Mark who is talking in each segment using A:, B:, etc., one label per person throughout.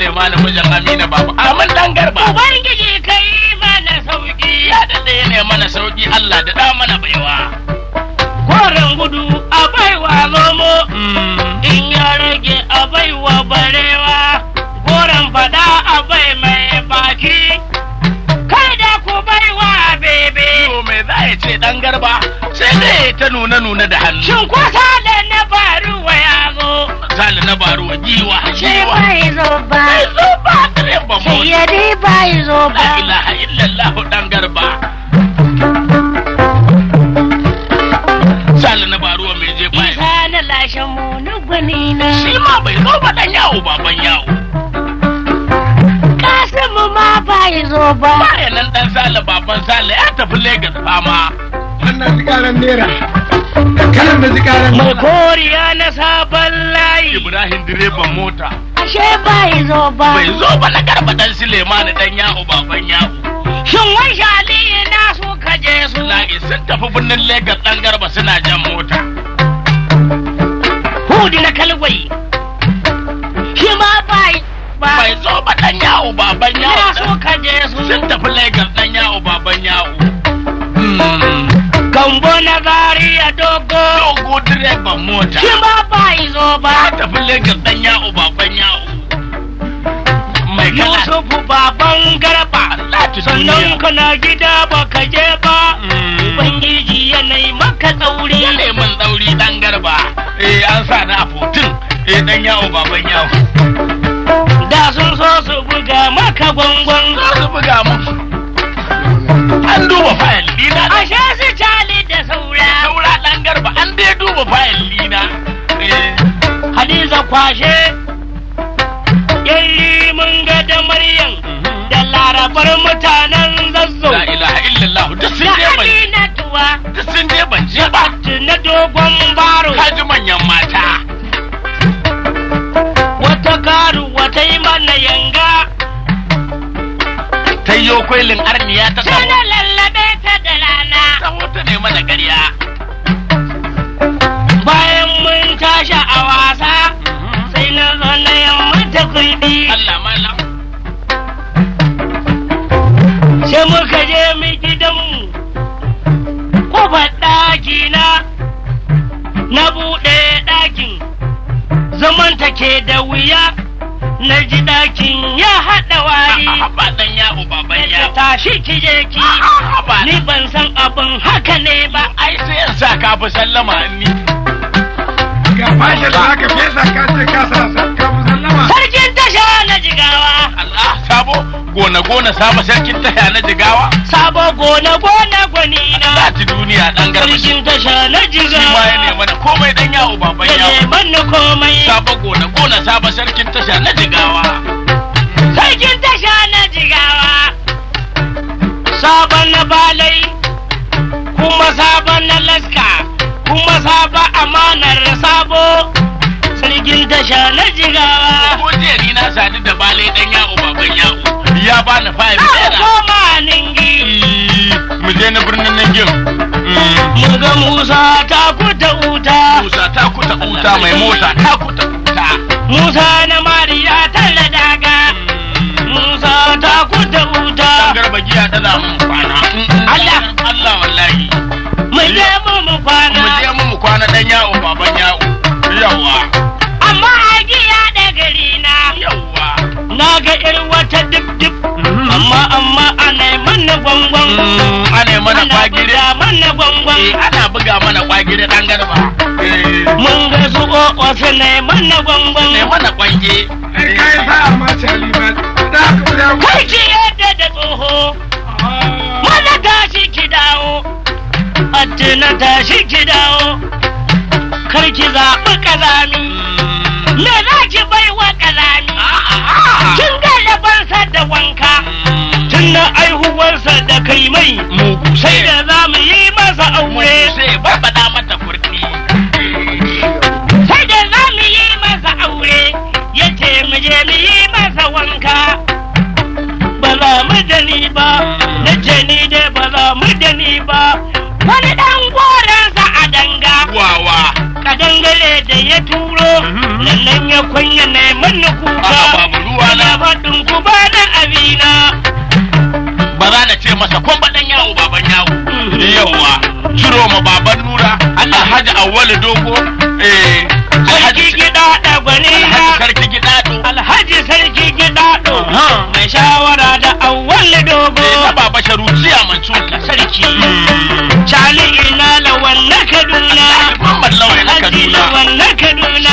A: Suleiman mijin Amina babu Amin dan garba. Ubangiji kai mana sauki. Ya daɗe ne mana sauki Allah da da mana baiwa. Koren gudu a baiwa nomo. Mm, in ya rage a baiwa barewa. Koren fada a bai mai baki. Kai da ku baiwa bebe. me zai ce dan garba? Sai dai ta nuna-nuna da hannu. Shin ko ta misali na baro jiwa jiwa bai zo ba bai zo ba kare ba mu sayyadi bai zo ba la ilaha illallah dan garba sali na baro me je ba. isa na lashe mu na gwani na shi ma bai zo ba dan yawo baban yawo kasimu ma bai zo ba bayanan dan sale baban sale ya tafi Legas fama wannan tsikaran naira kalan da tsikaran mai koriya na sabon layi ibrahim direban mota ashe bai zo ba bai zo ba na garba dan sulemani dan yahu baban yahu shin wai shali na su kaje su la'i sun tafi birnin legas dan garba suna jan mota hudu na kalwai shi ma bai bai zo ba dan yahu baban yahu sun tafi legas dan yahu direban mota shi ba ba izo ba tafi legas dan yawo baban yawo mai kala yusufu baban garba sannan kana gida ba ka je ba mm. ubangiji yanayi maka tsauri yanayi man tsauri dan garba eh an sa na fotin eh dan yawo baban yawo da sun so su buga maka gwangwan su buga mu an duba fayil dina shi. duba fayil dina eh, hadiza kwashe yayi mun ga da maryam da larabar mutanen zazzau la ilaha illallah duk sun je ban duk sun je ban je ba na dogon baro kaji manyan mata wata karu wata yi mana yanga ta yi kwelin arniya ta samu ta lallabe ta da rana ta hutu ne Allah malam. Sai muka je mu gidanmu, kofar ɗaki na, na buɗe ɗakin, zaman ke da wuya, na ji ɗakin ya haɗa wari. Haɓaɗan yawo baban Tashi ki je ki, ni ban san abin haka ne ba. Ai sai sa ka sallama ni. Ga fashe da aka fesa ka ce ka sa sallama. jigawa. Allah sabo gona gona sabo sarkin tasha na jigawa. Sabo gona gona gwani na. Allah ti duniya dan garba. Sarkin tasha na jigawa. Shi ma ya nema na komai dan yawo baban yawo. Ya neman na komai. Sabo gona gona sabo sarkin tasha na jigawa. Sarkin tasha na jigawa. Sabon na balai kuma sabon na laska kuma sabon amanar sabo. Sarkin tasha na jigawa. Ko jiya ni na sadu da bale dan yawo baban yawo. Ya ba na ni five naira. Koma ningi. Mm, mu je na birnin Ningin. Mm. Mu ga Musa ta kuta uta. Musa ta kuta uta mai mota ta kuta uta. Musa na Mariya talla daga. Mm. Musa ta kuta uta. Garba giya ta zamu kwana. Allah. Allah wallahi. Mu je mu mu kwana. Mu je mu mu kwana dan yawo baban yawo. Yawa. Hajiya da gari na. Yawwa. Na ga irin wata dip dip. Amma amma ana mana gwangwan. Mm, ana mana kwagiri. Ana buga mana gwangwan. Eh, ana buga mana kwagiri dan garba. Eh. Mun ga su wasu na mana gwangwan. Na mana kwange. Kai sa ma shaliman. Da ku da. Kai ki yadda da tsoho. Mana tashi ki dawo. Addina tashi ki dawo. Kar ki zaɓi ƙazami. Me za ki bai wa ƙarami? Kin ga labansa da wanka. Tun na aihuwarsa da kai mai. Sai da za mu yi masa aure. Sai ba faɗa mata Sai da za mu yi masa aure. Ya ce mu je mu yi masa wanka. Ba za mu dani ba. Na ce ni dai ba za mu dani ba. Wani ɗan goransa a danga. Wawa. Ka dangare da ya turo. Mm-hmm. na kunya na manna kuka na faɗin guba na abina ba za na ce masa kun baɗan yawo baban yawo mm. yawa ciro ma baban nura Allah haji awwal dogo eh sarki gida da gwani sarki gida do alhaji sarki gida do mai shawara da awwal dogo eh baba sharuciya mancu sarki mm. Charlie ina la wallaka duna Muhammad lawa na Kaduna Kaduna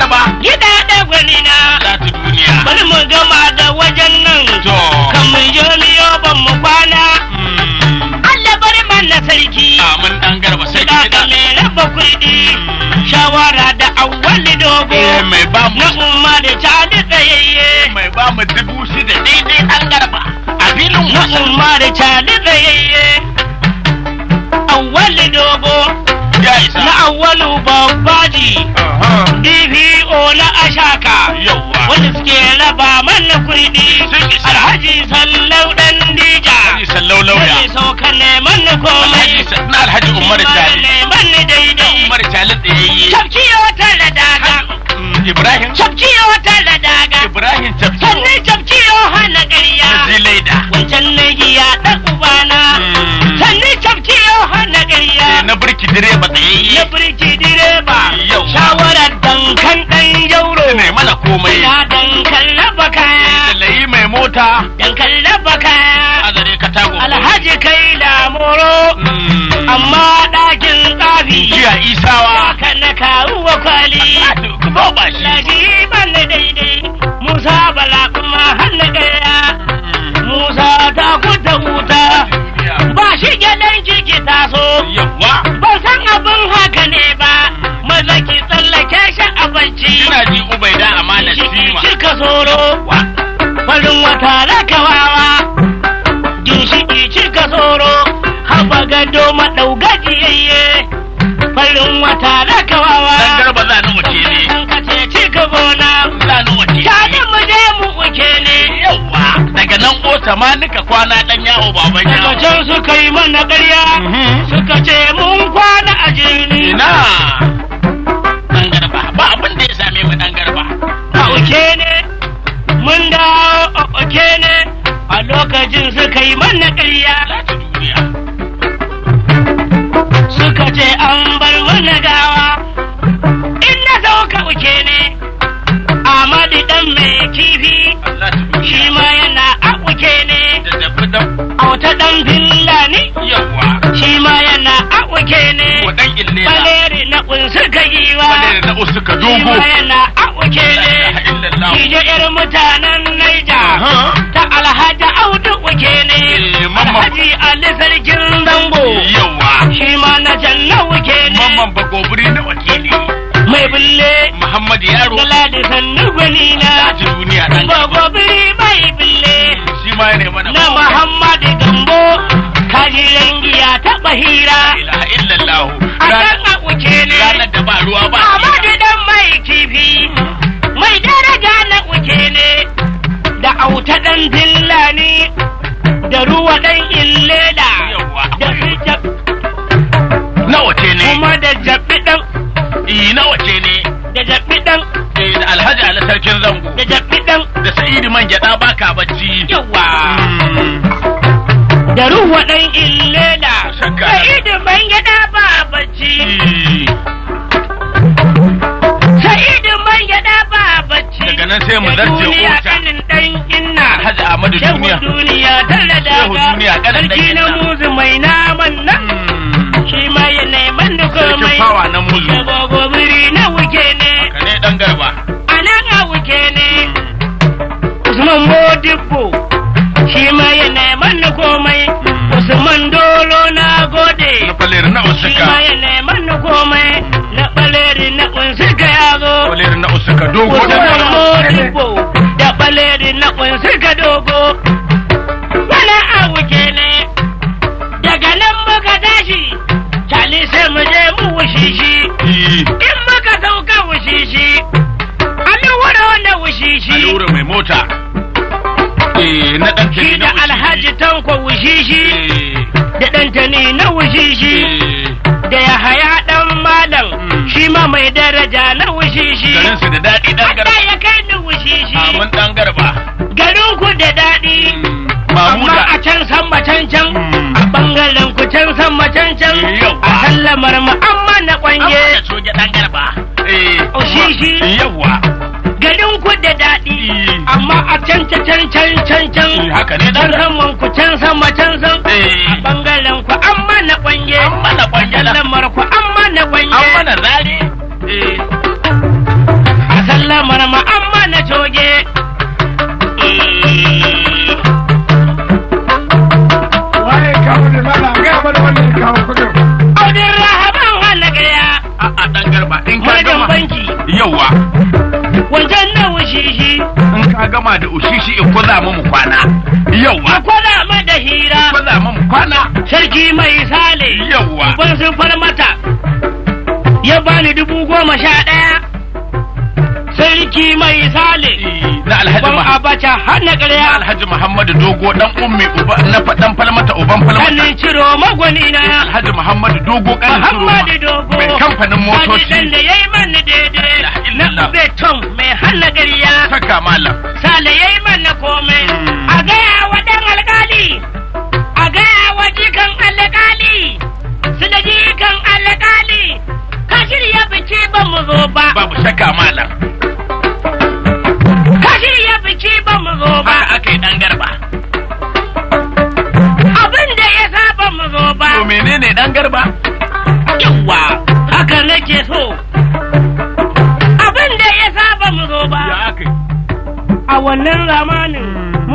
A: garba gida da gwani na zata duniya bari mu gama da wajen nan to kan mu yoniyo ban mu kwana hmm. Allah bari mana sarki amin dan garba sai ki da me kuɗi shawara da awwali dogo eh, mai ba mu na umma da ta da tsayayye eh, mai ba mu dubu shida daidai an garba a filin na umma da ta da tsayayye awwali dogo na awwalu babbaji oh. DPO na Ashaka wanda suke raba mana kurdi Alhaji Sallau dan Dija Alhaji Sauka neman mana komai na Alhaji Umar Jali ne mana daidai Umar yi da yayi Tabkiyo tare daga Ibrahim Tabkiyo tare daga Ibrahim Tabkiyo sannan Tabkiyo hana ƙarya kawo kwali laji ban daidai musa bala kuma hannu daya musa ta kuta wuta ba shi gyalen jiki so. ban san abin haka ne ba ki tsallake shi a bacci kina ji ubaida amana sima kika soro farin wata rakawawa ginshiki soro haba gado madaugajiyayye dan ota ma nika kwana dan yawo baban yawo. Daga can suka yi mana ƙarya mhm. suka ce mun kwana a jini. Ina. Dan garba ba abin da ya same mu dan garba. A oke ne mun dawo a oke ne a lokacin suka yi mana ƙarya. Suka ce an bar wani gawa. Inna sauka oke ne. Amadi dan mai kifi. ta ɗan billa ne? Yawwa. Shi ma yana awuke ne. Wa ɗan ille na. Baleri na ƙunsu ka giwa. Baleri na ƙunsu ka dogo. Shi ma yana awuke ne. Kije ƴar mutanen Naija. Ta Alhaji Audu wuke ne. Eh, Alhaji Ali Sarkin Zango. Yawwa. Shi ma na Janna wuke ne. Mamman Bagobiri na wakili. Mai bulle. Muhammad Yaro. Galadi Sannu gwani na. duniya ɗan. Bagobiri mai bulle. shi ma ne mana. na Muhammadu bahira ilaha illallah a ne ranar da ba ruwa ba Ahmadu dan mai kifi mai daraja na kuke ne da auta dan dilla ne da ruwa dan illeda da hijab nawa ce ne kuma da jabbi dan i nawa ce ne da jabbi dan eh, da alhaji ala sarkin zango da jabbi dan da sa'idu man gyada baka bacci Yawwa. Mm. da ruwa dan illeda shakka. Ka idi ban gida ba bacci. Ka idi ban gida ba bacci. Daga nan sai mu zarce Duniya kanin dan inna. Alhaji Ahmadu duniya. Shehu duniya talla Shehu duniya kanin dan inna. Sarki na muzu mai naman nan. Hmm. Shi ma ya neman Sarkin fawa na muzu. usuka mai neman na gome na baleri na usuka ya zo baleri na usuka dogo da moribo da baleri na usuka dogo wala awuke ne daga nan muka tashi cali sai mu je mu wushishi eh. in muka sauka wushishi alwura wanda Ali alwura mai mota eh, na ɗan da alhaji tanko wushi shi. Eh. da ɗan na wushi shi. Ada jalar wushishi. Garin su da daɗi ɗan garba. ya kai ni wushishi. Amin ɗan garba. Garin ku da daɗi. Mm. Amma a can san can can. Mm. A bangaren ku can san can can. A sallamar mu amma na kwanye. Amma da soja ɗan garba. Eh. Wushishi. Yawwa. Garin ku da daɗi. Mm. Amma a can can can can can. Haka ne ɗan. Can san ku can san can eh. A bangaren ku amma ka gama da ushishi in kwaza mu mu kwana yawa kwaza ma da hira kwaza mu mu kwana sarki mai sale yawa ban sun far mata ya bani dubu goma sha ɗaya sarki mai sale eh, na alhaji ban abacha har na ƙarya alhaji muhammadu dogo dan ummi uba na fadan falmata uban falmata kanin ciro magwani na alhaji muhammadu dogo kan ciro muhammadu dogo mai kamfanin motoci da yayi mani daidai na beton mai har na ƙarya ¡Camala!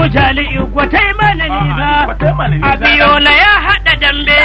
A: Abu Jali Igwe tai mana nisa. Abiola ya haɗa dambe.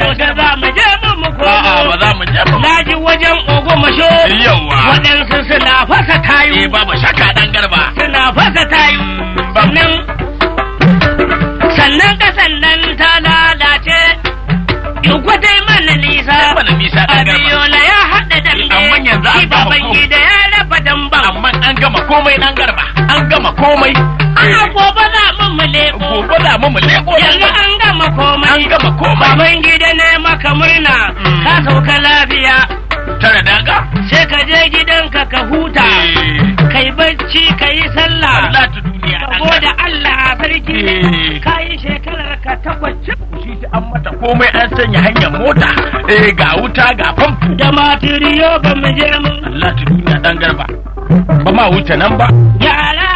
A: Yaushe za mu je mu mu Na ji wajen ogomasho. Yawwa. Waɗansu suna fasa tayu. Eh babu Suna fasa tayu. Sannan. Sannan ƙasan nan ta lalace. Igwe tai mana nisa. Mana nisa ɗan garba. ya haɗa dambe. ki yanzu an gama ya raba damban. Amma an gama komai ɗan garba. gama komai. A ah, gobe za mu mu leko. Gobe za mu mu Yanzu an gama komai. An gama komai. Baban gida na maka murna. Mm. Ka sauka lafiya. Tara daga. Sai ka je gidanka ka huta. Eh. Kai bacci ka yi sallah. Allah ta duniya. Saboda Allah a sarki. Eh. Ka yi shekarar ka tabbaci. Shi ta an mata komai an sanya hanyar mota. Eh ga wuta ga famfo. Da matiriyo ba mu je mu. Allah ta duniya dan garba. Ba ma wuce nan ba. Yara